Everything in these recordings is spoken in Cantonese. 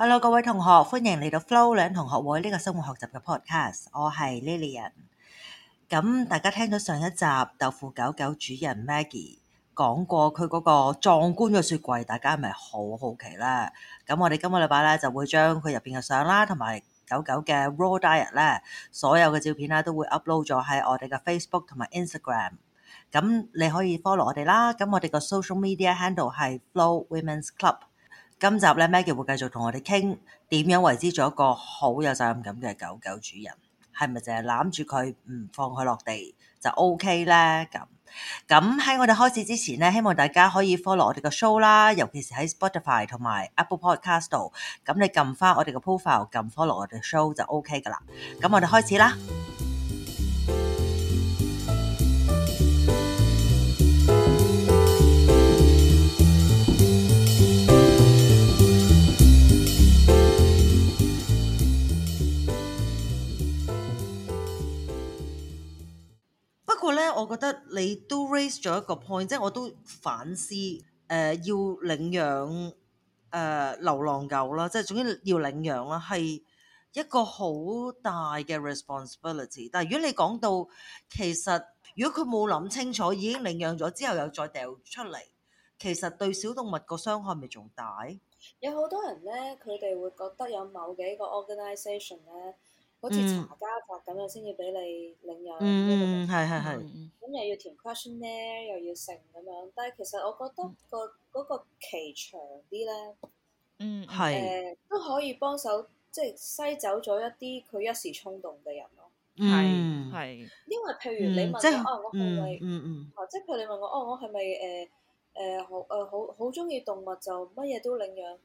Hello，各位同學，歡迎嚟到 Flo 女同學會呢個生活學習嘅 podcast。我係 Lillian。咁大家聽到上一集豆腐狗狗主人 Maggie 講過佢嗰個壯觀嘅雪櫃，大家係咪好好奇啦？咁我哋今個禮拜咧就會將佢入邊嘅相啦，同埋狗狗嘅 raw diet 咧，所有嘅照片咧都會 upload 咗喺我哋嘅 Facebook 同埋 Instagram。咁你可以 follow 我哋啦。咁我哋嘅 social media handle 係 Flo Women’s Club。今集咧 Maggie 會繼續同我哋傾點樣為之做一個好有責任感嘅狗狗主人，係咪淨係攬住佢唔放佢落地就 OK 咧？咁咁喺我哋開始之前咧，希望大家可以 follow 我哋嘅 show 啦，尤其是喺 Spotify 同埋 Apple Podcast 度。咁你撳翻我哋嘅 profile，撳 follow 我哋嘅 show 就 OK 噶啦。咁我哋開始啦。我覺得你都 raise 咗一個 point，即係我都反思誒、呃、要領養誒、呃、流浪狗啦，即係總之要領養啦，係一個好大嘅 responsibility。但係如果你講到其實，如果佢冇諗清楚已經領養咗之後又再掉出嚟，其實對小動物個傷害咪仲大？有好多人咧，佢哋會覺得有某幾個 organisation 咧。好似查家法咁樣先要俾你領養，嗯嗯，係係係，咁又要填 questionnaire，又要剩咁樣。但係其實我覺得個嗰期長啲咧，嗯係，誒都可以幫手，即係篩走咗一啲佢一時衝動嘅人咯。係係，因為譬如你問我，我係咪嗯嗯，啊即係譬如你問我哦，我係咪誒誒好誒好好中意動物就乜嘢都領養？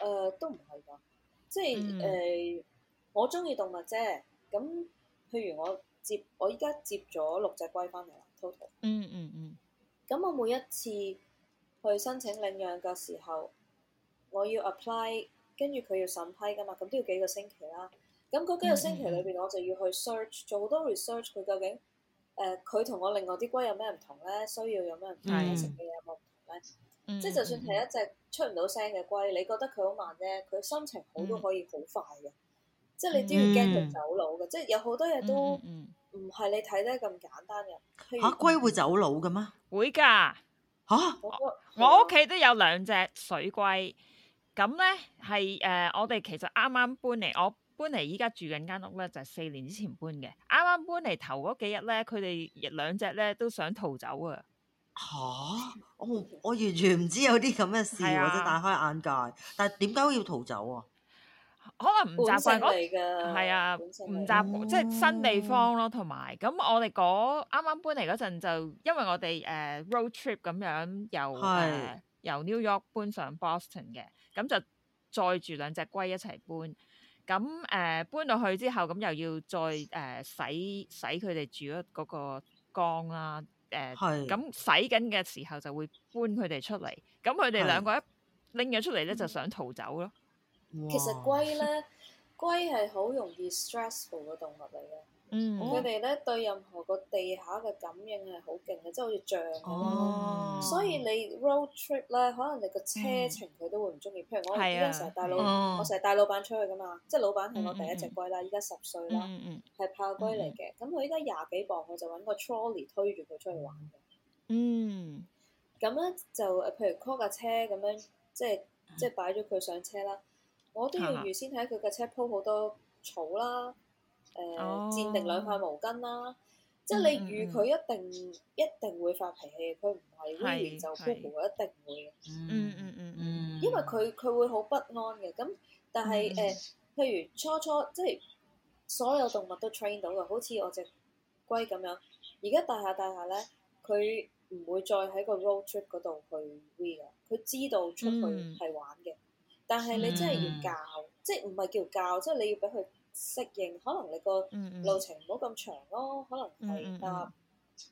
誒都唔係㗎，即係誒。我中意動物啫。咁，譬如我接我依家接咗六隻龜翻嚟啦，total。嗯嗯嗯。咁我每一次去申請領養嘅時候，我要 apply，跟住佢要審批㗎嘛。咁都要幾個星期啦，啊。咁嗰幾個星期裏邊，我就要去 search，嗯、做好多 research。佢究竟誒佢同我另外啲龜有咩唔同咧？需要有咩唔同？食嘅嘢有冇唔同咧？即係、嗯，嗯、就算係一隻出唔到聲嘅龜，你覺得佢好慢啫，佢心情好都可以好快嘅。即係你都要驚佢走佬嘅，嗯、即係有好多嘢都唔係你睇得咁簡單嘅。嚇、嗯去啊，龜會走佬嘅咩？會㗎的吓、啊？我屋企都有兩隻水龜，咁咧係誒，我哋其實啱啱搬嚟，我搬嚟依家住緊間屋咧，就係、是、四年之前搬嘅。啱啱搬嚟頭嗰幾日咧，佢哋兩隻咧都想逃走啊！吓？我我完全唔知有啲咁嘅事，啊、我真係大開眼界。但係點解要逃走啊？可能唔習慣嗰，係、嗯、啊，唔習、嗯、即係新地方咯，同埋咁我哋嗰啱啱搬嚟嗰陣就，因為我哋誒、uh, road trip 咁樣由是、呃、由 New York 搬上 Boston 嘅，咁就載住兩隻龜一齊搬。咁誒、uh, 搬到去之後，咁又要再誒、uh, 洗洗佢哋住嗰嗰個缸啦。誒、uh, 咁是、嗯嗯、洗緊嘅時候就會搬佢哋出嚟。咁佢哋兩個一拎咗出嚟咧，就想逃走咯。其實龜咧，龜係好容易 stressful 嘅動物嚟嘅。佢哋咧對任何個地下嘅感應係好勁嘅，即係好似象咁。哦，所以你 road trip 咧，可能你個車程佢都會唔中意。譬如我嗰陣時，帶老、嗯、哼我成日帶老闆出去噶嘛，即係老闆係我第一隻龜啦，依家、嗯、哼十歲啦，係怕龜嚟嘅。咁佢依家廿幾磅，我就揾個 trolley 推住佢出去玩嘅。嗯，咁咧就誒，譬如 call 架車咁樣，即係即係擺咗佢上車啦。我都要預先睇佢嘅車鋪好多草啦，誒、呃，墊、oh. 定兩塊毛巾啦，mm hmm. 即係你預佢一定一定會發脾氣，佢唔係 we 就 cool 一定會嗯嗯嗯嗯，嗯嗯因為佢佢會好不安嘅。咁但係誒、mm hmm. 呃，譬如初初即係所有動物都 train 到嘅，好似我隻龜咁樣。而家大下大下咧，佢唔會再喺個 road trip 嗰度去 we 啦，佢知道出去係玩嘅。Mm hmm. 但係你真係要教，mm hmm. 即係唔係叫教，即係你要俾佢適應。可能你個路程唔好咁長咯，可能係搭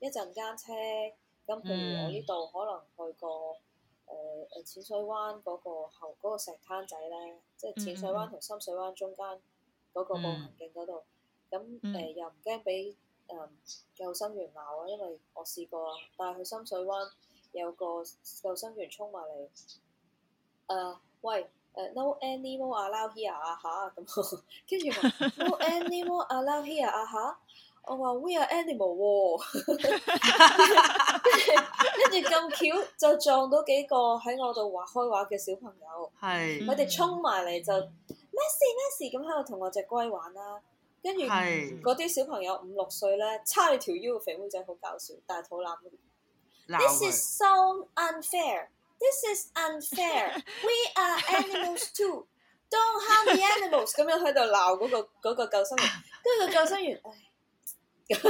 一陣間車咁。譬如我呢度可能去過誒誒淺水灣嗰、嗰個後、嗰個、石灘仔咧，即係淺水灣同深水灣中間嗰個步行徑嗰度。咁誒、mm hmm. 呃、又唔驚俾誒救生員鬧，因為我試過，但係去深水灣有個救生員衝埋嚟誒喂。誒，no animal allowed here 啊吓，咁跟住，話 no animal allowed here 啊吓，我話 we are animal，跟住跟住咁巧就撞到幾個喺我度畫開畫嘅小朋友，係，佢哋衝埋嚟就咩事咩事咁喺度同我隻龜玩啦，跟住嗰啲小朋友五六歲咧，叉住條腰嘅肥妹仔好搞笑，大肚腩，this is so unfair。This is unfair. We are animals too. Don't harm the animals。咁樣喺度鬧嗰個、嗰個救生員，跟住個救生員，唉，咁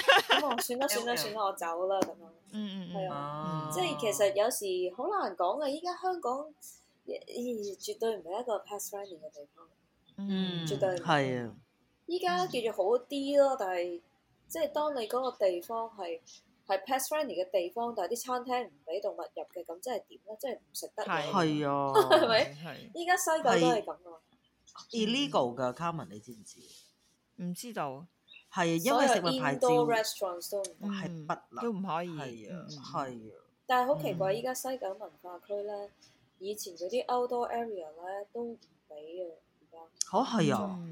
樣，咁我算啦 算啦算啦，我走啦咁樣。嗯嗯、mm, 啊、嗯，係、嗯、啊，即係其實有時好難講啊。依家香港，咦，絕對唔係一個 pet-friendly 嘅地方。嗯，mm, 絕對係啊。依家叫做好啲咯，但係即係當你嗰個地方係。係 pedestrian 嘅地方，但係啲餐廳唔俾動物入嘅，咁即係點咧？即係唔食得嘅，係咪、啊？依家西九都係咁啊！Illegal 㗎 Carmen 你知唔知？唔知道。係、嗯、因為食物牌照。係不、嗯、不能，都唔可以。係啊。係啊。啊嗯、但係好奇怪，依家西九文化區咧，以前嗰啲 outdoor area 咧都唔俾而家？可係、哦、啊。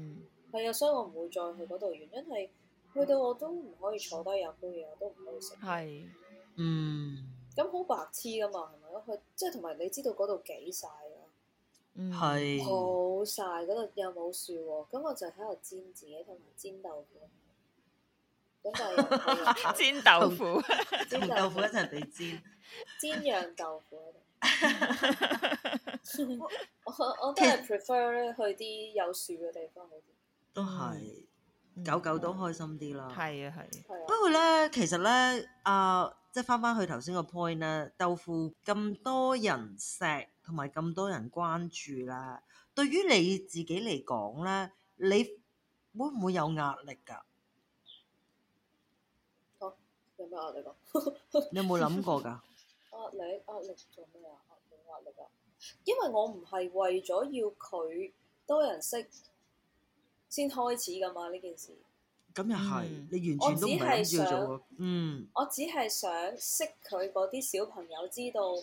係啊，所以我唔會再去嗰度，原因係，去到我都唔可以坐低飲杯嘢，我都唔可以食。係，嗯。咁好白痴噶嘛，係咪咯？佢即係同埋你知道嗰度幾曬啊？嗯。好曬、啊。嗰度又冇樹喎，咁我就喺度煎自己同埋煎豆腐。咁就煎豆腐，煎豆腐一陣地煎。煎釀豆腐。我我都係 prefer 咧，去啲有樹嘅地方好啲。都係。狗狗都開心啲啦，係啊係。不過咧，其實咧，啊，即係翻翻去頭先個 point 啦，豆腐咁多人錫同埋咁多人關注啦，對於你自己嚟講咧，你會唔會有壓力㗎？有咩壓力講？你有冇諗過㗎？壓力，壓力做咩啊？有冇壓力啊？因為我唔係為咗要佢多人識。先開始噶嘛呢件事，咁又係你完全都唔係想，想，嗯，我只係想識佢嗰啲小朋友知道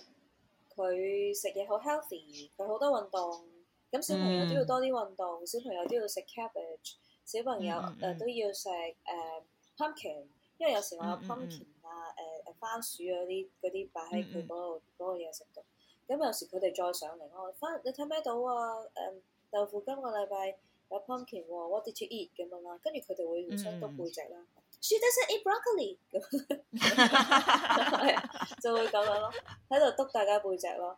佢食嘢好 healthy，佢好多運動。咁小朋友都要多啲運、嗯、運動，小朋友都要食 cabbage，小朋友誒、嗯呃、都要食誒、uh, pumpkin，因為有時我有 pumpkin 啊、嗯，誒誒、uh, uh, 番薯嗰啲嗰啲擺喺佢嗰度嗰個嘢食到。咁有時佢哋再上嚟，我翻你睇咩到啊？誒、uh, uh, 豆腐今個禮拜。有 pumpkin，what did you eat 咁樣啦，跟住佢哋會互相篤背脊啦。Mm. She doesn't eat broccoli 咁樣，就會咁樣咯，喺度篤大家背脊咯。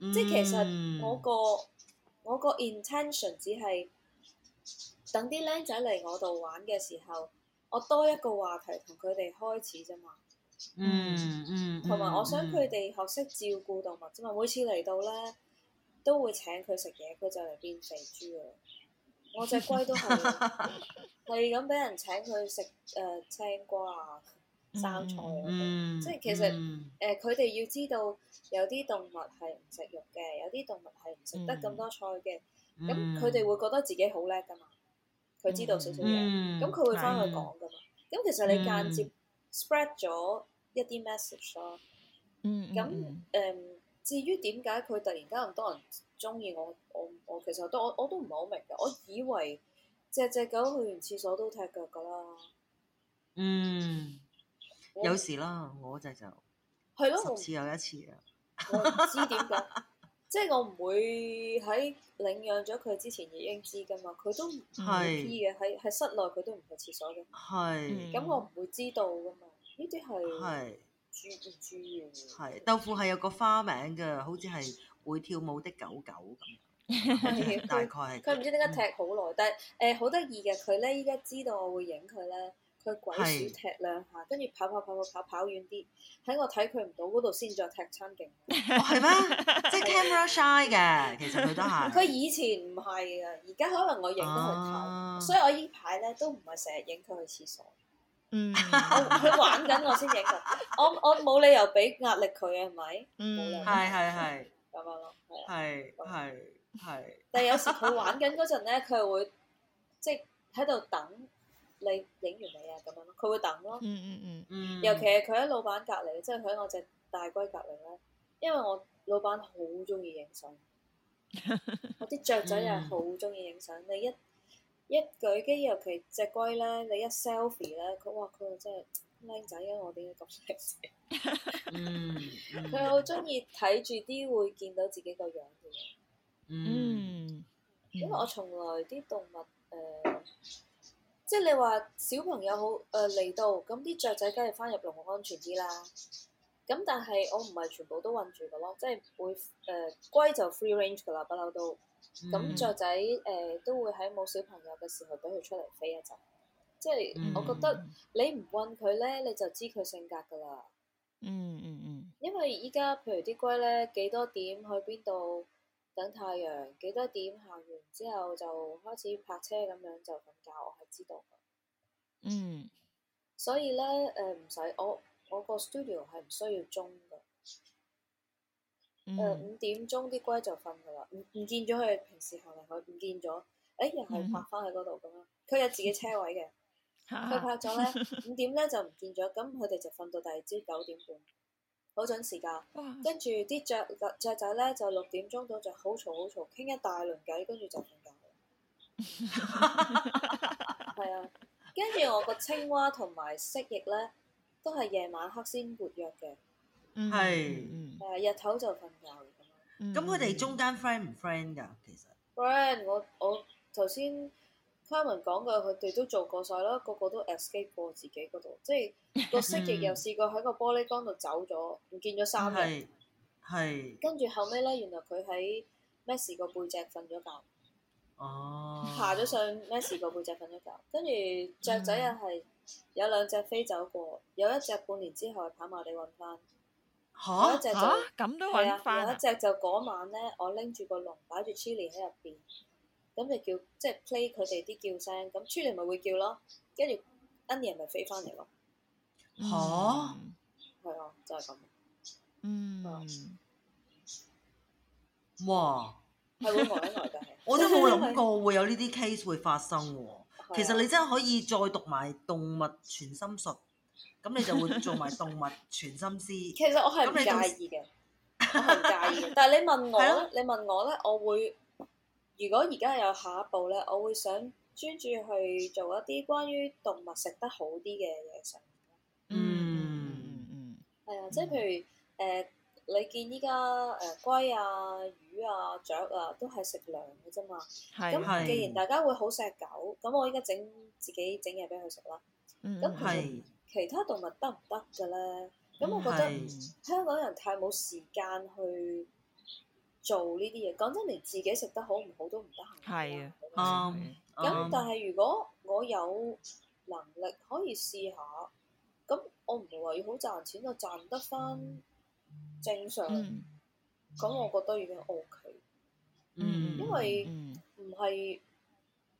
即係、mm. 其實我個我個 intention 只係等啲僆仔嚟我度玩嘅時候，我多一個話題同佢哋開始啫嘛。嗯，同埋我想佢哋學識照顧動物啫嘛。每次嚟到咧，都會請佢食嘢，佢就嚟變肥豬啊。我隻龜都係係咁俾人請佢食誒，青瓜啊、生菜，即係其實誒，佢哋要知道有啲動物係唔食肉嘅，有啲動物係唔食得咁多菜嘅，咁佢哋會覺得自己好叻㗎嘛。佢知道少少嘢，咁佢會返去講㗎嘛。咁其實你間接 spread 咗一啲 message 咯。咁誒，至於點解佢突然間咁多人？中意我我我其實都我我都唔係好明㗎，我以為隻隻狗去完廁所都踢腳㗎啦。嗯，不有時啦，我隻就係咯十次有一次啊。我唔不 知點解，即係我唔會喺領養咗佢之前已經知㗎嘛。佢都唔去廁嘅，喺喺是室內佢都唔去廁所嘅。係咁是，嗯、我唔會知道㗎嘛。呢啲係豬豬豬嘅。豆腐係有個花名㗎，好似係。會跳舞的狗狗咁，大概係佢唔知點解踢好耐，但係誒好得意嘅，佢咧依家知道我會影佢咧，佢鬼鼠踢兩下，跟住跑跑跑跑跑跑遠啲，喺我睇佢唔到嗰度先再踢餐勁，係咩？即係 camera shy 嘅，其實佢都係。佢以前唔係啊，而家可能我影都佢踢，所以我依排咧都唔係成日影佢去廁所。嗯，佢玩緊我先影佢。我我冇理由俾壓力佢啊？係咪？嗯，係係係。咁樣咯，係係係。樣是但係有時佢玩緊嗰陣咧，佢會即係喺度等你影完你啊，咁樣咯，佢會等咯。嗯嗯嗯嗯。尤其係佢喺老闆隔籬，即係佢喺我隻大龜隔籬咧，因為我老闆好中意影相， 我啲雀仔又係好中意影相。你一一舉機，尤其隻龜咧，你一 selfie 咧，佢哇佢真係～靚仔啊！我點解咁細，佢好中意睇住啲會見到自己個樣嘅嘢。嗯， 因為我從來啲動物誒，即係你話小朋友好誒嚟到，咁啲雀仔梗係翻入籠安全啲啦。咁但係我唔係全部都韞住嘅咯，即係會誒、呃、龜就 free range 嘅啦，不嬲都。咁雀 仔誒、呃、都會喺冇小朋友嘅時候俾佢出嚟飛一陣。即係我覺得你唔韞佢咧，你就知佢性格噶啦、嗯。嗯嗯嗯，因為依家譬如啲龜咧幾多點去邊度等太陽，幾多點行完之後就開始泊車咁樣就瞓覺，我係知道。嗯，所以咧誒唔使我我個 studio 係唔需要鐘嘅。誒五、嗯呃、點鐘啲龜就瞓噶啦，唔唔見咗佢平時行嚟去，唔見咗，誒、欸、又係泊翻喺嗰度咁樣，佢、嗯、有自己車位嘅。呵呵呵佢、啊、拍咗咧，五點咧就唔見咗，咁佢哋就瞓到第二朝九點半，好準時㗎。跟住啲雀雀仔咧就六點鐘到就好嘈好嘈，傾一大輪偈，跟住就瞓覺。係 啊，跟住我個青蛙同埋蜥蜴咧，都係夜晚黑先活躍嘅。係、mm，係、hmm. 嗯嗯、日頭就瞓覺。咁佢哋中間 friend 唔 friend 㗎？其實 friend，我我頭先。文他文講嘅，佢哋都做過晒啦，個個都 escape 過自己嗰度，即係個蜥蜴又試過喺個玻璃缸度走咗，唔 見咗三日。係。跟住後尾咧，原來佢喺 Max 個背脊瞓咗覺。哦、啊。爬咗上 Max 個背脊瞓咗覺，跟住雀仔又係有兩隻飛走過，嗯、有一隻半年之後跑馬地揾翻。嚇嚇咁都揾翻。啊、有一隻就嗰、啊啊、晚咧，我拎住個籠擺住 Chili 喺入邊。咁就叫即係 play 佢哋啲叫聲，咁出嚟咪會叫咯，跟住 any 咪飛返嚟咯。吓，係啊，就係咁。嗯。哇！係喎，外喺外界，我都冇諗過會有呢啲 case 會發生喎。其實你真係可以再讀埋動物傳心術，咁你就會做埋動物傳心師。其實我係唔介意嘅，我係唔介意。但係你問我咧，你問我咧，我會。如果而家有下一步咧，我會想專注去做一啲關於動物食得好啲嘅嘢食。嗯嗯，係啊。嗯、即係譬如誒、呃，你見依家誒龜啊、魚啊、雀啊，都係食糧嘅啫嘛。係咁是既然大家會好錫狗，咁是我依家整自己整嘢俾佢食啦。嗯是，係。其他動物得唔得嘅咧？咁我覺得是是香港人太冇時間去。做呢啲嘢，講真嚟，連自己食得好唔好都唔得閒。係啊的，啱。咁、um, um, 但係如果我有能力可以試下，咁我唔係話要好賺錢就賺得翻賺得返正常，咁、嗯、我覺得已經 OK 嗯。嗯，因為唔係，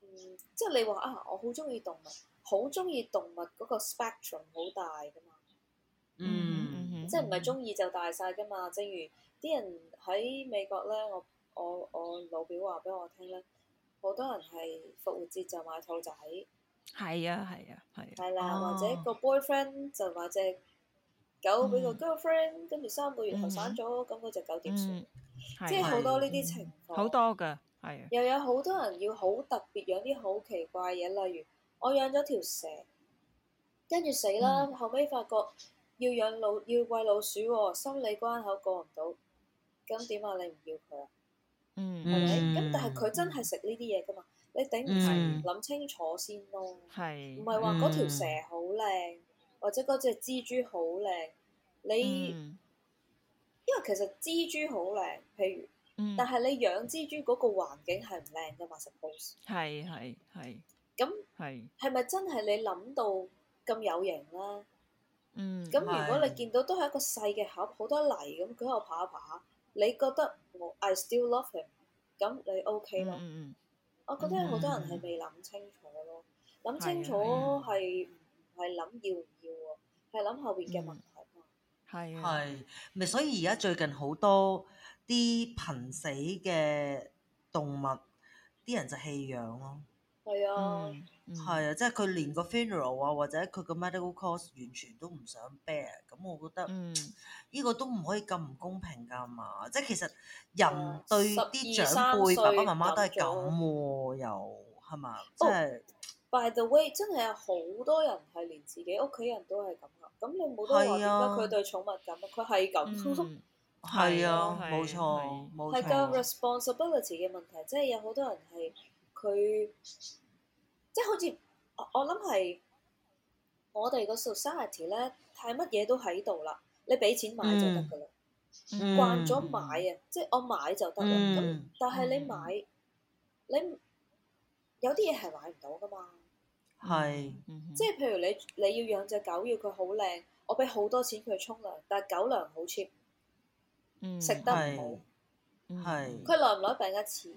嗯，即係你話啊，我好中意動物，好中意動物嗰個 spectrum 好大㗎嘛。嗯。嗯。即係唔係中意就大晒㗎嘛？正如啲人喺美國咧，我我我老表話俾我聽咧，好多人係復活節就買兔仔，係啊係啊係。係啦、啊，啊啊、或者個 boyfriend、哦、就買隻狗俾個 girlfriend，、嗯、跟住三個月後生咗，咁嗰隻狗點算？嗯嗯、即係好多呢啲情況。好、嗯、多㗎，係啊！又有好多人要好特別養啲好奇怪嘢，例如我養咗條蛇，跟住死啦，後尾發覺。要養老要餵老鼠喎，心理關口過唔到，咁點啊？你唔要佢啊？嗯，係咪？咁但係佢真係食呢啲嘢噶嘛？你頂唔起諗清楚先咯。係。唔係話嗰條蛇好靚，或者嗰隻蜘蛛好靚，你因為其實蜘蛛好靚，譬如，但係你養蜘蛛嗰個環境係唔靚噶嘛 Suppose 係，係係。咁係係咪真係你諗到咁有型咧？嗯，咁如果你見到都係一個細嘅盒，好多泥咁，佢喺度爬一爬，你覺得我、oh, I still love him，咁你 OK 咯？嗯、我覺得有好多人係未諗清楚咯，諗、嗯、清楚係唔係諗要唔要啊？係諗後邊嘅問題。係啊。係咪所以而家最近好多啲瀕死嘅動物，啲人就棄養咯。係啊，係啊，即係佢連個 funeral 啊，或者佢個 medical course 完全都唔想 bear，咁我覺得呢個都唔可以咁唔公平㗎嘛。即係其實人對啲長輩、爸爸媽媽都係咁喎，又係嘛？即係 by the way，真係有好多人係連自己屋企人都係咁啊。咁你冇得話點解佢對寵物咁？佢係咁疏忽，係啊，冇錯，係個 responsibility 嘅問題，即係有好多人係佢。即係好似我諗係我哋個 society 咧，係乜嘢都喺度啦。你俾錢買就得噶啦，慣咗、嗯嗯、買啊！即係我買就得啦。咁、嗯、但係你買你有啲嘢係買唔到噶嘛？係、嗯，嗯、即係譬如你你要養隻狗，要佢好靚，我俾好多錢佢沖涼，但係狗糧好 cheap，食得唔好，係，佢耐唔耐病一次，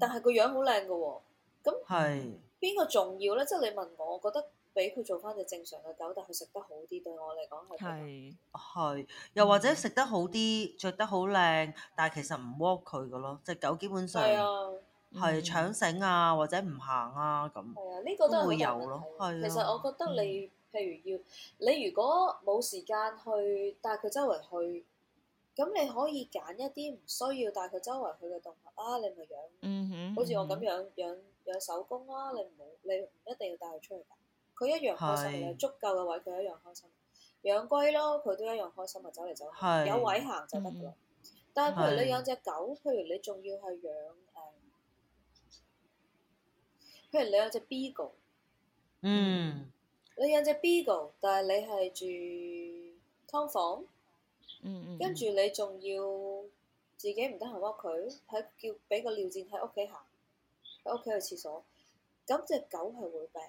但係個樣好靚噶喎。咁，邊那是個重要咧？即係你問我，我覺得俾佢做翻隻正常嘅狗，但佢食得好啲，對我嚟講係。係，又或者食得好啲，着、嗯、得好靚，但係其實唔 work 佢嘅咯。隻狗基本上係搶繩啊，或者唔行啊咁。係啊，呢個都會有咯。係啊。這個、其實我覺得你，譬如要你如果冇時間去帶佢周圍去，咁你可以揀一啲唔需要帶佢周圍去嘅動物啊。你咪養，好似我咁樣養、嗯。嗯有手工啦、啊，你唔好，你唔一定要帶佢出去。佢一樣開心是有足夠嘅位，佢一樣開心。養龜咯，佢都一樣開心啊，走嚟走去，是有位行就得嘅。嗯、但係，譬如你養隻狗，譬如你仲要係養誒、嗯，譬如你養隻 Beagle 嗯，你養隻 Beagle 但係你係住劏房，嗯嗯跟住你仲要自己唔得閒屈佢，喺叫俾個尿墊喺屋企行。喺屋企去廁所，咁隻狗係會病。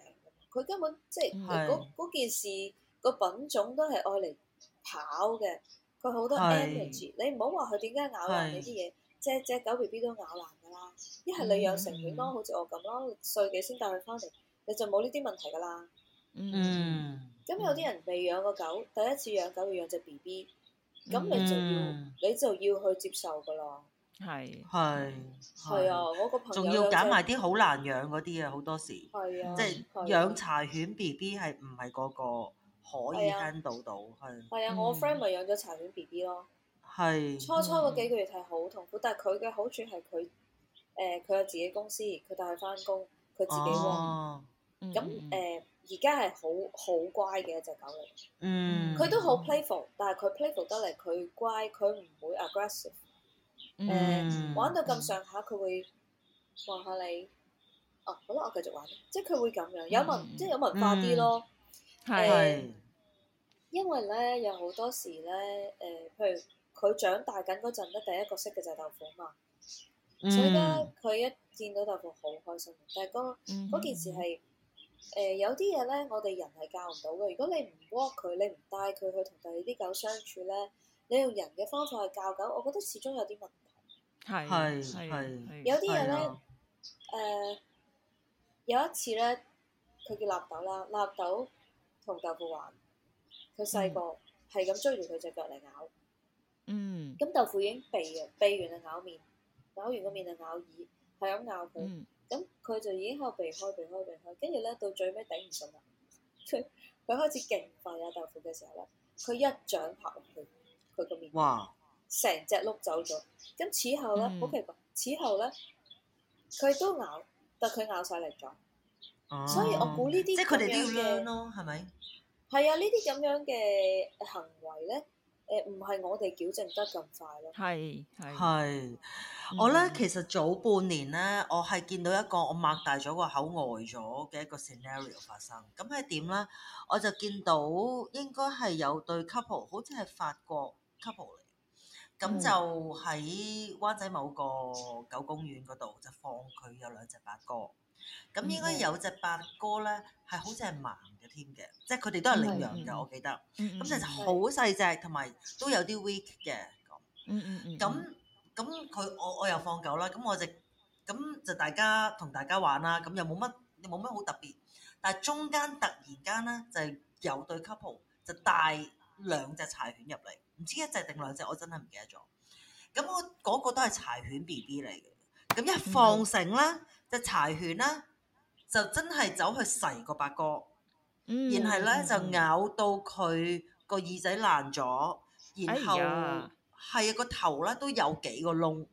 佢根本即係嗰是件事，個品種都係愛嚟跑嘅。佢好多 energy，是你唔好話佢點解咬爛你啲嘢。只只狗 B B 都咬爛噶啦。一係你養成佢、嗯、咯，好似我咁咯，歲幾先帶佢翻嚟，你就冇呢啲問題噶啦。嗯。咁、嗯、有啲人未養過狗，第一次養狗要養隻 B B，咁你就要你就要去接受噶咯。嗯係，係，係啊！我個朋友仲要揀埋啲好難養嗰啲啊，好多時，即係養柴犬 B B 係唔係嗰個可以 handle 到到？係，係啊！我 friend 咪養咗柴犬 B B 咯，係初初嗰幾個月係好痛苦，但係佢嘅好處係佢誒佢有自己公司，佢帶佢翻工，佢自己喎。咁誒而家係好好乖嘅一隻狗嚟，嗯，佢都好 playful，但係佢 playful 得嚟佢乖，佢唔會 aggressive。誒、uh, mm hmm. 玩到咁上下，佢會望下你。哦、啊，好啦，我繼續玩。即係佢會咁樣有文，即係、mm hmm. 有文化啲咯。係，因為咧有好多時咧誒、呃，譬如佢長大緊嗰陣咧，第一個識嘅就係豆腐嘛。Mm hmm. 所以咧，佢一見到豆腐好開心。但係嗰、mm hmm. 件事係誒、呃、有啲嘢咧，我哋人係教唔到嘅。如果你唔 walk 佢，你唔帶佢去同第二啲狗相處咧。你用人嘅方法去教狗，我覺得始終有啲問題。係係係，有啲嘢咧，誒的有一次咧，佢叫納豆啦。納豆同豆腐玩，佢細個係咁追住佢隻腳嚟咬。嗯。咁豆腐已經避嘅，避完就咬面，咬完個面就咬耳，係咁咬佢。嗯。咁佢就已經喺度避開、避開、避開，跟住咧到最尾頂唔順啦。佢佢開始勁快啊！豆腐嘅時候咧，佢一掌拍落去。佢個面哇，成隻碌走咗。咁此後咧，好奇怪。此後咧，佢都咬，但佢咬曬力咗，所以我估呢啲即係佢哋都要 learn 咯，係咪？係啊，呢啲咁樣嘅行為咧，誒唔係我哋矯正得咁快咯。係係，我咧其實早半年咧，我係見到一個我擘大咗個口呆咗嘅一個 scenario 發生。咁係點咧？我就見到應該係有對 couple，好似係法國 couple 嚟，咁就喺灣仔某個狗公園嗰度就放佢有兩隻八哥，咁應該有隻八哥咧係好似係盲嘅添嘅，即係佢哋都係領養嘅，我記得。咁其實好細隻，同埋都有啲 weak 嘅咁。嗯嗯嗯。咁咁佢我我又放狗啦，咁我就咁就大家同大家玩啦，咁又冇乜又冇乜好特別。但係中間突然間咧就係有對 couple 就帶兩隻柴犬入嚟。唔知一隻定兩隻，我真係唔記得咗。咁我嗰、嗰個都係柴犬 B B 嚟嘅。咁一放醒啦，就、mm hmm. 柴犬啦，就真係走去噬個八哥。Mm hmm. 然後咧就咬到佢個耳仔爛咗，然後係、哎、呀個頭咧都有幾個窿。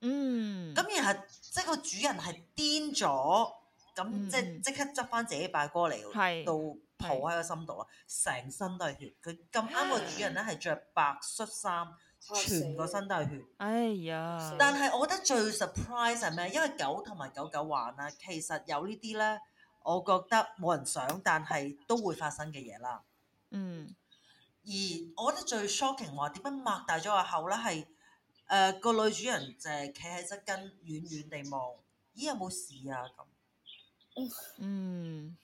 嗯、mm，咁、hmm. 然後即係個主人係癲咗，咁、mm hmm. 即係即刻執翻自己八哥嚟喎。Mm hmm. 到抱喺個心度啦，成是身都係血。佢咁啱個主人咧係着白恤衫，全個身都係血。哎呀！哎呀，但係我覺得最 surprise 係咩？因為狗同埋狗狗玩啊，其實有呢啲咧，我覺得冇人想，但係都會發生嘅嘢啦。嗯。而我覺得最 shocking 話點樣擘大咗個口咧，係誒、呃、個女主人就係企喺側跟遠遠地望，咦有冇事啊？咁、呃、嗯。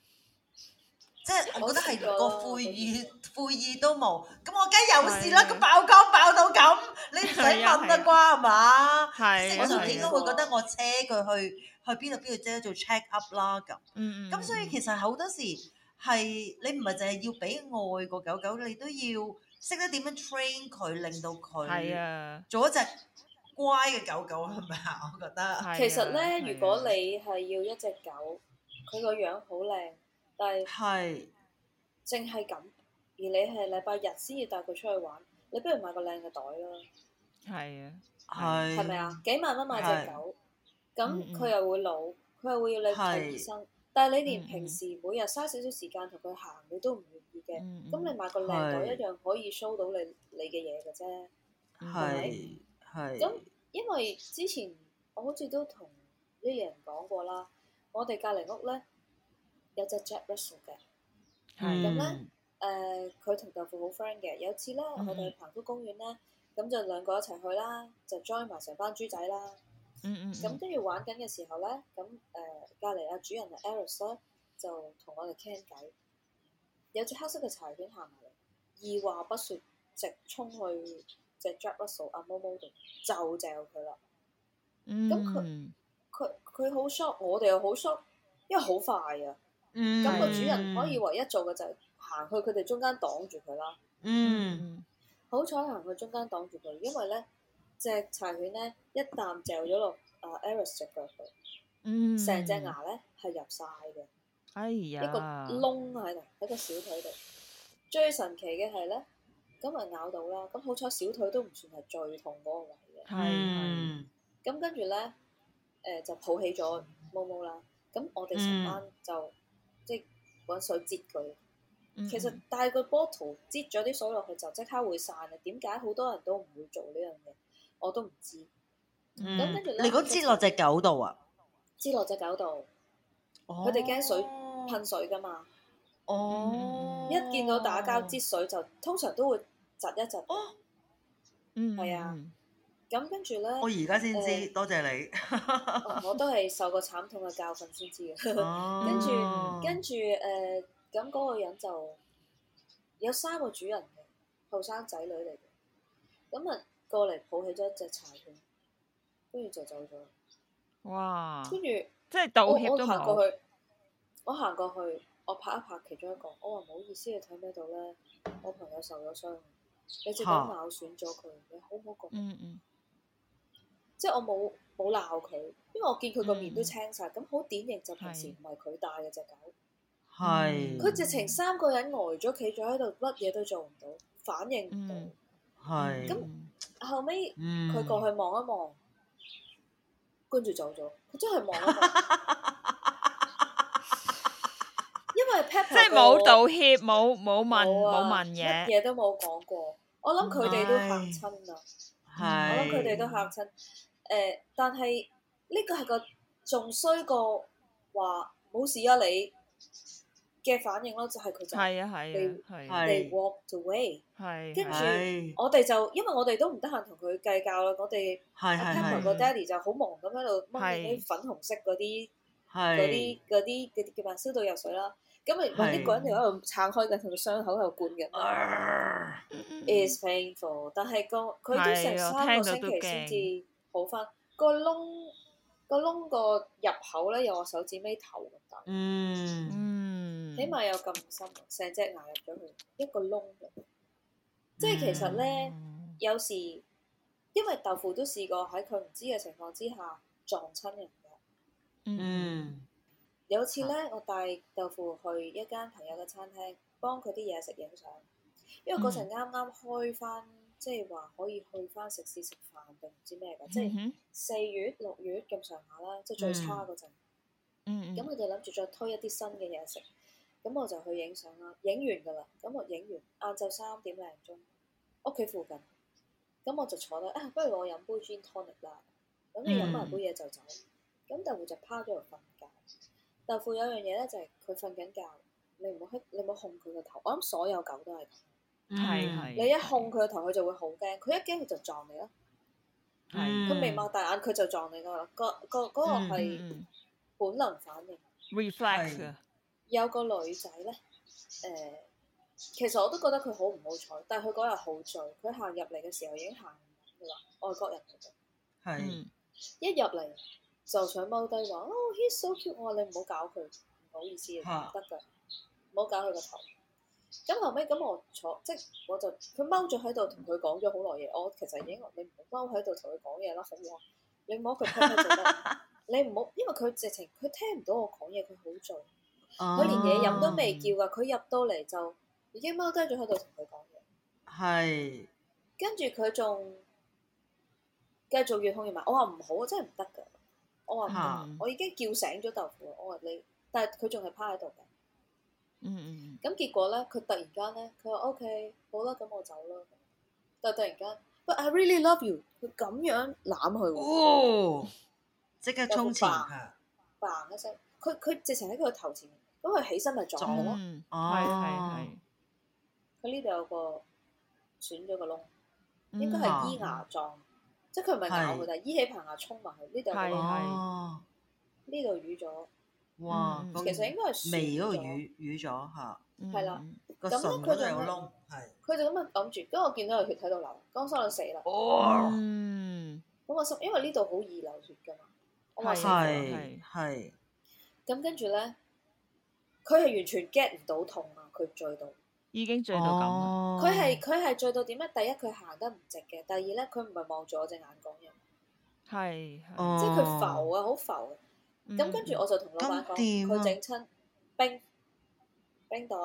即係，我覺得係個悔意悔意都冇，咁我梗係有事啦！個的爆缸爆到咁，你唔使問得啩，係嘛、啊？即係、啊、吧的我頭先應該會覺得我車佢去去邊度邊度，即係做 check up 啦咁、嗯。嗯咁所以其實好多時係你唔係淨係要俾愛個狗狗，你都要識得點樣 train 佢，令到佢係啊，做一隻乖嘅狗狗係咪啊？我覺得。啊啊、其實咧，如果你係要一隻狗，佢個樣好靚。但係係，淨係咁，而你係禮拜日先要帶佢出去玩，你不如買個靚嘅袋啦。係啊，係係咪啊？幾萬蚊買隻狗，咁佢又會老，佢又會要你睇醫生。但係你連平時每日嘥少少時間同佢行，你都唔願意嘅。咁你買個靚袋一樣可以 show 到你你嘅嘢嘅啫。係係咁，因為之前我好似都同一樣人講過啦，我哋隔離屋咧。有隻 j a c k Russell 嘅，係咁咧，誒佢同豆腐好 friend 嘅。有次咧，我哋去彭福公園咧，咁就兩個一齊去啦，就 join 埋成班豬仔啦。嗯咁跟住玩緊嘅時候咧，咁誒隔離阿主人阿 Eris 咧，就同我哋傾偈。有隻黑色嘅柴犬行埋嚟，二話不説，直衝去隻 j a c k Russell 阿、啊、毛毛度，就掟佢啦。嗯。咁佢佢佢好 s h o r t 我哋又好 s h o r t 因為好快啊！咁、嗯、個主人可以唯一做嘅就係行去佢哋中間擋住佢啦。嗯，好彩行去中間擋住佢，因為咧隻柴犬咧一啖嚼咗落啊，Eris 隻腳度，嗯，成隻牙咧係入晒嘅。哎呀，一個窿喺度喺個小腿度，最神奇嘅係咧，咁咪咬到啦。咁好彩小腿都唔算係最痛嗰個位嘅，係、嗯。咁、嗯、跟住咧誒就抱起咗毛毛啦。咁我哋成班就～、嗯嗯即係滾水擠佢，其實帶個波頭擠咗啲水落去就即刻會散嘅。點解好多人都唔會做呢樣嘢？我都唔知。咁跟住咧，你講擠落隻狗度啊？擠落隻狗度，佢哋驚水噴水噶嘛？哦，嗯、哦，一見到打交擠水就通常都會窒一窒。哦，嗯，係啊。咁跟住咧，我而家先知，呃、多謝你。 哦、我都係受過慘痛嘅教訓先知嘅。跟住，哦、跟住誒，咁、呃、嗰個人就有三個主人嘅後生仔女嚟嘅。咁啊，過嚟抱起咗一隻柴犬，跟住就走咗。哇！跟住着即係道歉都冇我行過，過去，我行過去，我拍一拍其中一個，我話唔好意思，你睇唔睇到呢？我朋友受咗傷，你隻狗咬損咗佢，你好唔好講？嗯嗯。即係我冇冇鬧佢，因為我見佢個面都青晒，咁好典型就平時唔係佢帶嘅隻狗，係佢直情三個人呆咗，企咗喺度，乜嘢都做唔到，反應唔到。係咁後尾，佢過去望一望，跟住走咗。佢真係望一望，因為即係冇道歉，冇冇問，冇問嘢，乜嘢都冇講過。我諗佢哋都嚇親啦，我諗佢哋都嚇親。誒、呃，但係呢、呢個係個仲衰過話冇事啊，你嘅反應咯，就係、係、佢就係 and 啊，係係，walked away，係跟住我哋就因為我哋都唔得閒同佢計較啦，我哋阿媽同個 daddy 就好忙咁喺度掹啲粉紅色嗰啲嗰啲啲啲叫乜消毒入水啦，咁咪一個人就喺度撐開緊佢傷口喺度灌緊，is painful，但係個佢都成三個星期先至的。好翻個窿，個窿個入口咧有個手指尾頭咁大，嗯，嗯，起碼有咁深，成隻牙入咗去一個窿。即係其實咧、嗯、有時因為豆腐都試過喺佢唔知嘅情況之下撞親人嘅，嗯，有次咧我帶豆腐去一間朋友嘅餐廳幫佢啲嘢食影相，因為嗰陣啱啱開翻、嗯。嗯即係話可以去翻食肆食飯定唔知咩㗎？Mm hmm. 即係四月六月咁上下啦，mm hmm. 即係最差嗰陣。嗯嗯、mm。咁、hmm. 佢就諗住再推一啲新嘅嘢食。咁我就去影相啦，影完㗎啦。咁我影完晏晝三點零鐘，屋企附近。咁我就坐低，啊，不如我飲杯 gin tonic 啦。咁你飲埋杯嘢就走。咁豆腐就趴咗度瞓覺。豆腐有樣嘢咧，就係佢瞓緊覺，你唔好你唔好控佢個頭。我諗所有狗都係。係，mm hmm. 你一控佢個頭，佢就會好驚。佢一驚，佢就撞你咯。係、mm，佢、hmm. 眉毛大眼，佢就撞你噶啦。嗰個、嗰個嗰個係本能反應，reflex。Mm hmm. 有個女仔咧，誒、呃，其實我都覺得佢好唔好彩，但係佢嗰日好醉。佢行入嚟嘅時候已經行，佢話外國人嚟嘅，係、mm hmm. 一入嚟就想踎低話，哦、oh,，he's so cute。我話你唔好搞佢，唔好意思啊，唔得噶，唔好搞佢個頭。咁後尾，咁我坐，即係我就佢踎咗喺度同佢講咗好耐嘢。我其實已經你唔好踎喺度同佢講嘢啦，好唔好？你摸佢趴喺度，你唔好， 因為佢直情佢聽唔到我講嘢，佢好醉，佢、oh. 連嘢飲都未叫噶。佢入到嚟就已經踎低咗喺度同佢講嘢。係。Oh. 跟住佢仲繼續越通越埋，我話唔好，真係唔得㗎。我話唔得呀，oh. 我已經叫醒咗豆腐啦。我話你，但係佢仲係趴喺度。嗯嗯，咁結果咧，佢突然間咧，佢話 OK 好啦，咁我走啦。但係突然間，But I really love you，佢咁樣攬佢，即刻衝前，嘭點一聲，佢佢直情喺佢頭前，咁佢起身咪撞咯、嗯。哦，佢呢度有個損咗個窿，應該係依牙撞，嗯嗯、即係佢唔係咬佢，是 但係依起棚牙衝埋去呢度，哦，呢度淤咗。哇！其實應該係眉嗰個瘀咗嚇，係啦。個唇都有窿，係佢就咁樣揼住，跟住我見到佢血喺度流，剛剛要死啦！哦，咁我心因為呢度好易流血噶嘛，係係。咁跟住咧，佢係完全 get 唔到痛啊！佢醉到已經醉到咁，佢係佢係醉到點咧？第一佢行得唔直嘅，第二咧佢唔係望住我隻眼講嘢，係，即係佢浮啊，好浮。咁、嗯、跟住我就同老板講，佢整親冰冰袋，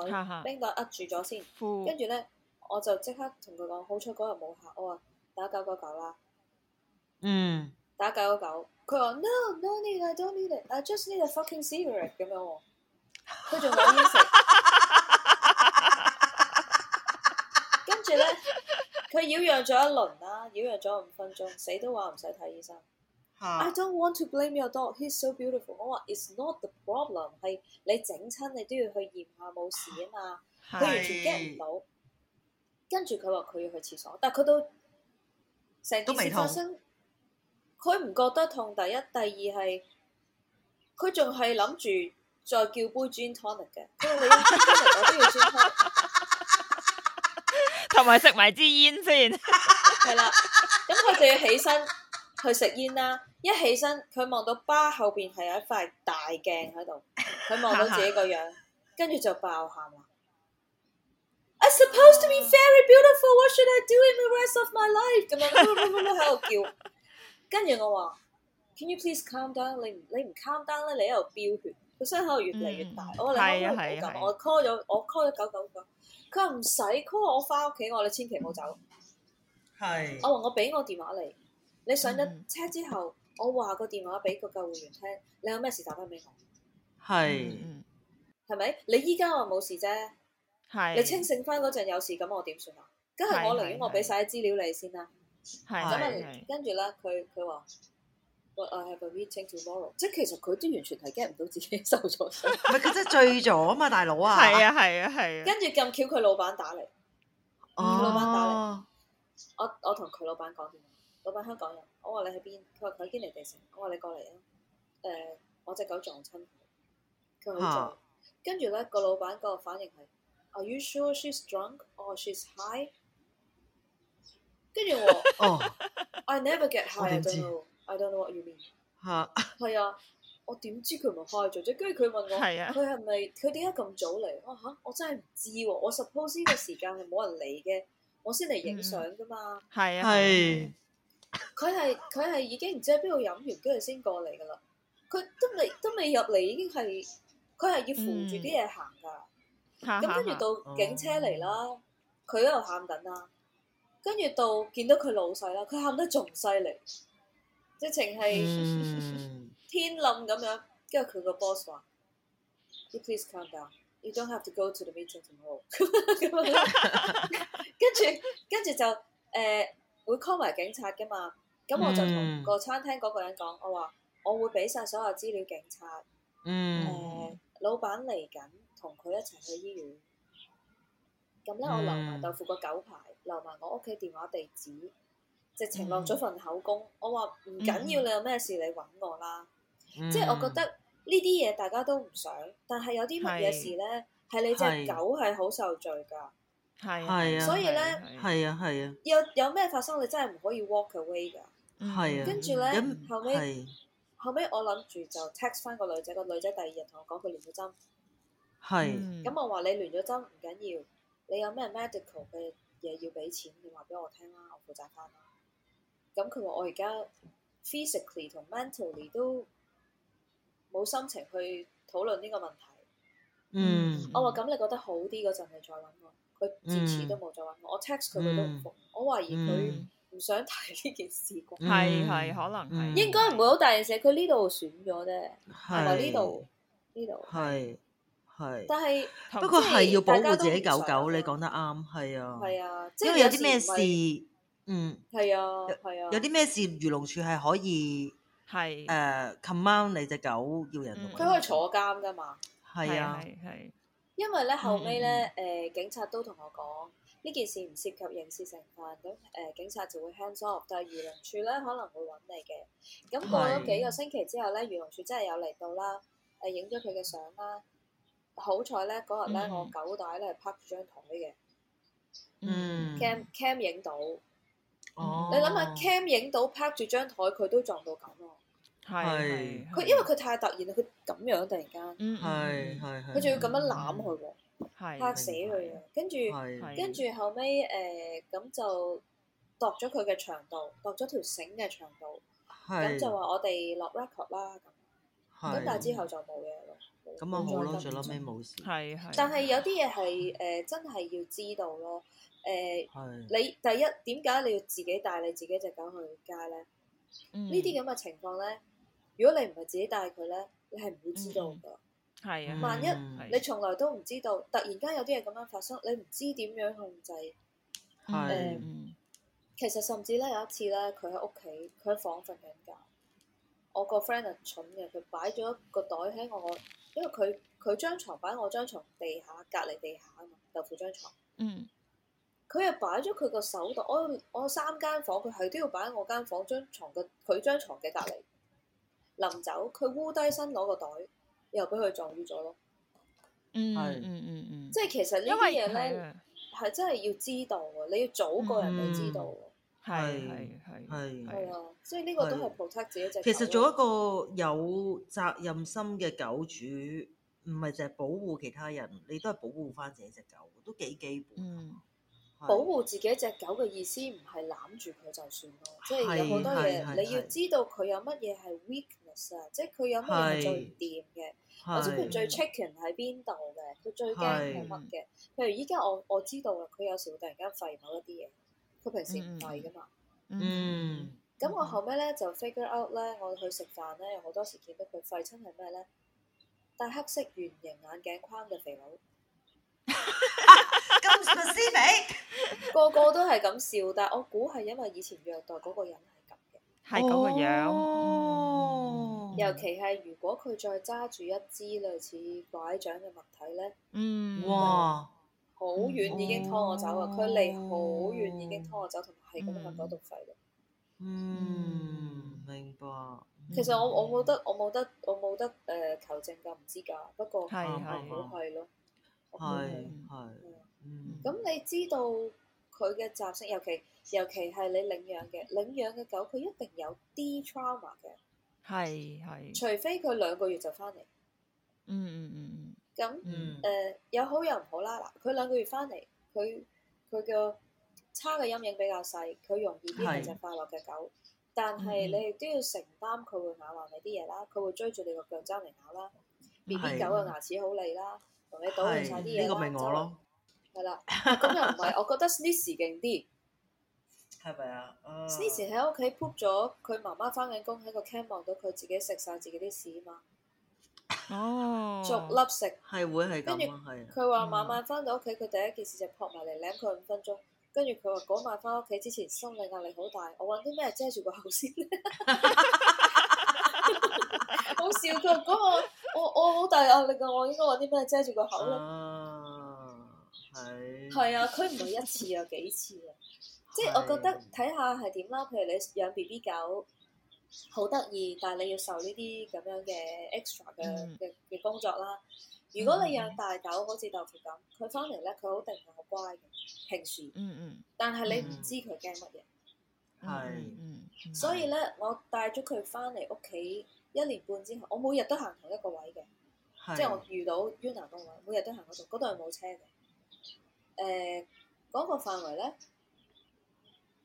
冰袋呃住咗先。 跟住咧，我就即刻同佢講，好彩嗰日冇客，我話打九個九啦。嗯，打九個九，佢話 no no need，I don't need, don need it，I just need a fucking cigarette 咁樣。佢仲可以食， 跟住咧，佢擾攘咗一輪啦，擾攘咗五分鐘，死都話唔使睇醫生。I don't want to blame your dog. He's so beautiful。我話：It's not the problem。係你整親，你都要去驗下冇事啊嘛。佢完全 get 唔到。跟住佢話：佢要去廁所。但係佢到成件事發生，佢唔覺得痛。第一、第二係佢仲係諗住再叫杯 gin tonic 嘅。同埋食埋支煙先係啦。咁佢就要起身去食煙啦。一起身，佢望到巴後邊係有一塊大鏡喺度，佢望到自己個樣，跟住就爆喊啦。I supposed to be very beautiful. What should I do in the rest of my life？噉樣喺度叫，跟住我話，Can you please calm down？你唔你唔 calm down 咧，你喺度飆血，個傷口越嚟越大。我話你冇咁，我 call 咗我 call 咗九九九，佢話唔使 call，我翻屋企。我話你千祈唔好走。係我話我俾我電話你，你上咗車之後。我話個電話俾個救護員聽，你有咩事打翻俾我。係是，係咪？你依家話冇事啫。係是。你清醒翻嗰陣有事，咁我點算啊？跟係我係係係寧願我俾晒啲資料你先啦。係。咁啊，跟住咧，佢佢話，喂，係個 we chat tomorrow 即係其實佢都完全係 get 唔到自己受咗傷。唔係佢真係醉咗啊嘛，大佬啊！係啊，係啊，係啊。跟住咁巧佢老闆打嚟，佢老闆打嚟，我我同佢老闆講老闆香港人，我話你喺邊？佢話佢喺堅尼地城，我話你過嚟、呃、啊！誒，我隻狗撞親，佢話跟住咧個老闆個反應係：Are you sure she's drunk or she's high？跟住我：哦 ，I never get high，I don't know，I don't know what you mean。吓、啊，係 啊，我點知佢唔係 high 咗啫？跟住佢問我：係啊，佢係咪佢點解咁早嚟？我吓、啊，我真係唔知喎。我 suppose 呢個時間係冇人嚟嘅，我先嚟影相噶嘛。係、嗯、啊，係、啊。佢係佢係已經唔知喺邊度飲完，跟住先過嚟噶啦。佢都未都未入嚟，已經係佢係要扶住啲嘢行㗎。咁跟住到警車嚟啦，佢喺度喊緊啦。跟住到見到佢老細啦，佢喊得仲犀利，直情係天冧咁樣。跟住佢個 boss 話：「You please calm down. You don't have to go to the meeting tomorrow. 跟住跟住就誒、呃、會 call 埋警察㗎嘛。咁我就同個餐廳嗰個人講，我話我會俾晒所有資料警察。嗯，誒、呃，老闆嚟緊同佢一齊去醫院。咁咧，我留埋豆腐個狗牌，留埋我屋企電話地址，直情落咗份口供。我話唔緊要，你有咩事、嗯、你揾我啦。嗯、即係我覺得呢啲嘢大家都唔想，但係有啲乜嘢事咧，係是你隻狗係好受罪㗎。係啊的，的所以咧，係啊，係啊，有有咩發生，你真係唔可以 walk away 㗎。係啊，嗯嗯、跟住咧，後尾，後尾我諗住就 text 翻個女仔，個女仔第二日同我講佢攣咗針，係咁我話你攣咗針唔緊要，你有咩 medical 嘅嘢要俾錢，你話俾我聽啦，我負責翻啦、啊。咁佢話我而家 physically 同 mentally 都冇心情去討論呢個問題。嗯，我話咁你覺得好啲嗰陣你再揾我，佢至遲都冇再揾我。我 text 佢佢都唔復，嗯、我懷疑佢、嗯。唔想提呢件事，係係可能係，應該唔會好大件事，佢呢度選咗啫，係咪呢度呢度？係係，但係不過係要保護自己狗狗，你講得啱，係啊，係啊，因為有啲咩事，嗯，係啊係啊，有啲咩事，漁農處係可以係誒，今晚你隻狗要人，同佢佢可以坐監噶嘛？係啊係，因為咧後尾咧誒，警察都同我講。呢件事唔涉及刑事成分，咁、呃、誒警察就會 hands off，但係漁農處咧可能會揾你嘅。咁過咗幾個星期之後咧，漁農處真係有嚟到啦，誒影咗佢嘅相啦。好彩咧，嗰日咧我狗帶咧拍住張台嘅，cam cam 影到。哦，你諗下 cam 影到拍住張台，佢都撞到咁啊！係、嗯，佢因為佢太突然啦，佢咁樣突然間，係係佢仲要咁樣攬佢喎。嗯嗯嚇死佢，跟住跟住後尾誒，咁就度咗佢嘅長度，度咗條繩嘅長度，咁的就話我哋落 record 啦。咁的但係之後就冇嘢咯。咁啊好咯，最後尾冇事。但係有啲嘢係誒真係要知道咯。誒、呃，的你第一點解你要自己帶你自己隻狗去街咧？嗯、這這呢啲咁嘅情況咧，如果你唔係自己帶佢咧，你係唔會知道噶。嗯係啊，萬一你從來都唔知道，啊啊、突然間有啲嘢咁樣發生，你唔知點樣控制誒。其實甚至咧，有一次咧，佢喺屋企，佢喺房瞓緊覺。我個 friend 係蠢嘅，佢擺咗個袋喺我，因為佢佢張床擺喺我張床地下隔離地下啊嘛，豆腐張床。嗯，佢又擺咗佢個手袋。我我三間房，佢係都要擺喺我間房張床嘅佢張床嘅隔離。臨走，佢烏低身攞個袋。又俾佢撞咗咯，嗯，係，嗯嗯嗯，即係其實呢啲嘢咧，係真係要知道嘅，你要早過人哋知道，係係係係啊，所以呢個都係 protect 自己隻狗。其實做一個有責任心嘅狗主，唔係淨係保護其他人，你都係保護翻自己隻狗，都幾基本。Mm. 保護自己一隻狗嘅意思唔係攬住佢就算咯，是即係有好多嘢你要知道佢有乜嘢係 weakness 啊，是即係佢有乜嘢最掂嘅，是或者佢最 chicken 係邊度嘅，佢最驚係乜嘅？譬如依家我我知道啦，佢有時會突然間吠某一啲嘢，佢平時唔吠噶嘛。嗯。咁我後尾咧就 figure out 咧，我去食飯咧，有好多時見到佢吠親係咩咧？戴黑色圓形眼鏡框嘅肥佬。 阿個個都係咁笑，但我估係因為以前虐待嗰個人係咁嘅，係咁嘅樣。尤其係如果佢再揸住一支類似拐杖嘅物體咧，嗯，哇，好遠已經拖我走喇！佢離好遠已經拖我走，同埋喺咁樣嗰度吠。嗯，明白。其實我我冇得我冇得我冇得誒求證㗎，唔知㗎。不過可能係咯，係係。咁你知道佢嘅習性，尤其尤其係你領養嘅領養嘅狗，佢一定有 d trauma 嘅，係係，除非佢兩個月就翻嚟，嗯嗯嗯咁誒有好有唔好啦。嗱，佢兩個月翻嚟，佢佢嘅差嘅陰影比較細，佢容易啲係隻快樂嘅狗，但係你亦都要承擔佢會咬爛你啲嘢啦，佢會追住你個腳踭嚟咬啦，BB 狗嘅牙齒好利啦，同你倒亂晒啲嘢，牙踭咯。係啦，咁又唔係，我覺得 Sis 勁啲，係咪啊？Sis 喺屋企扑咗，佢媽媽翻緊工喺個 camp 望到佢自己食晒自己啲屎啊嘛，哦、uh，逐粒食係會係咁，跟住佢話晚晚翻到屋企，佢、嗯嗯、第一件事就撲埋嚟舐佢五分鐘，跟住佢話嗰晚翻屋企之前心理壓力好大，我搵啲咩遮住個口先，好笑，佢話嗰個我我,我好大壓力噶，我應該搵啲咩遮住個口咧。Uh 係係啊！佢唔會一次有幾次啊，即係是我覺得睇下係點啦。譬如你養 B B 狗，好得意，但係你要受呢啲咁樣嘅 extra 嘅嘅嘅工作啦。如果你養大狗，好似豆腐咁，佢翻嚟咧，佢好定係好乖嘅，平時嗯嗯，但係你唔知佢驚乜嘢係嗯，所以咧，我帶咗佢翻嚟屋企一年半之後，我每日都行同一個位嘅，是即係我遇到 Yuna 嗰個位，每日都行嗰度，嗰度係冇車嘅。誒嗰、呃嗰個範圍咧，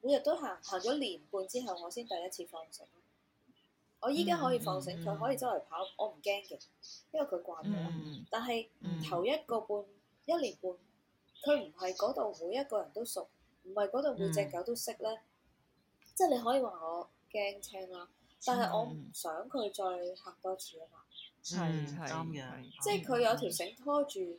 每日都行行咗年半之後，我先第一次放繩。我依家可以放繩，佢、嗯、可以周圍跑，我唔驚嘅，因為佢慣咗。但係頭一個半一年半，佢唔係嗰度每一個人都熟，唔係嗰度每隻狗都識咧。嗯、即係你可以話我驚青啦，但係我唔想佢再嚇多次。嘛、嗯。係係、嗯，即係佢有條繩拖住。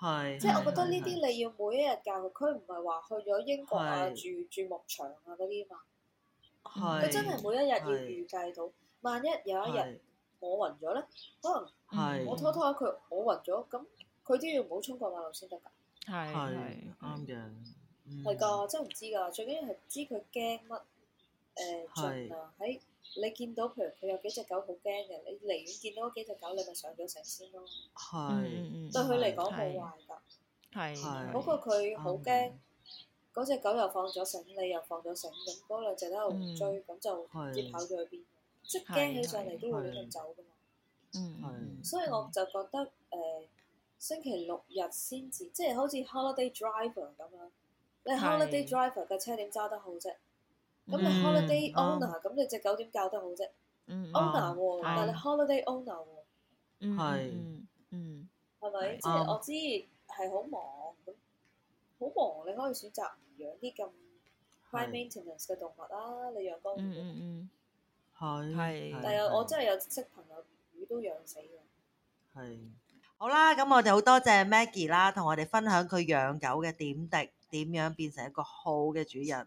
是即係我覺得呢啲你要每一日教佢，佢唔係話去咗英國啊是住住牧場啊嗰啲嘛，佢、嗯、是真係每一日要預計到，是萬一有一日我暈咗咧，可能是、嗯、我拖一拖佢我暈咗，咁佢都要唔好衝過馬路先得㗎，係啱嘅，係㗎，真係唔知㗎，最緊要係知佢驚乜誒？喺、呃是你見到譬如佢有幾隻狗好驚嘅，你寧願見到嗰幾隻狗，你咪上咗繩先咯。係是，對佢嚟講好壞㗎。係。嗰個佢好驚，嗰隻、嗯、狗又放咗繩，你又放咗繩，咁嗰兩隻喺度追，咁、嗯、就唔知跑咗去邊。是即係驚起上嚟都會喺度走㗎嘛。嗯，係是。所以我就覺得誒、呃，星期六日先至，即係好似 holiday driver 咁樣。你 holiday driver 嘅車點揸得好啫？咁你 holiday owner 咁你隻狗點教得好啫？owner 喎，但你 holiday owner 喎，係嗯係咪？即係我知係好忙咁，好忙，你可以選擇唔養啲咁 high maintenance 嘅動物啦。你養動物，嗯嗯嗯，係係，但係我真係有識朋友魚都養死嘅，係好啦。咁我哋好多謝 Maggie 啦，同我哋分享佢養狗嘅點滴，點樣變成一個好嘅主人。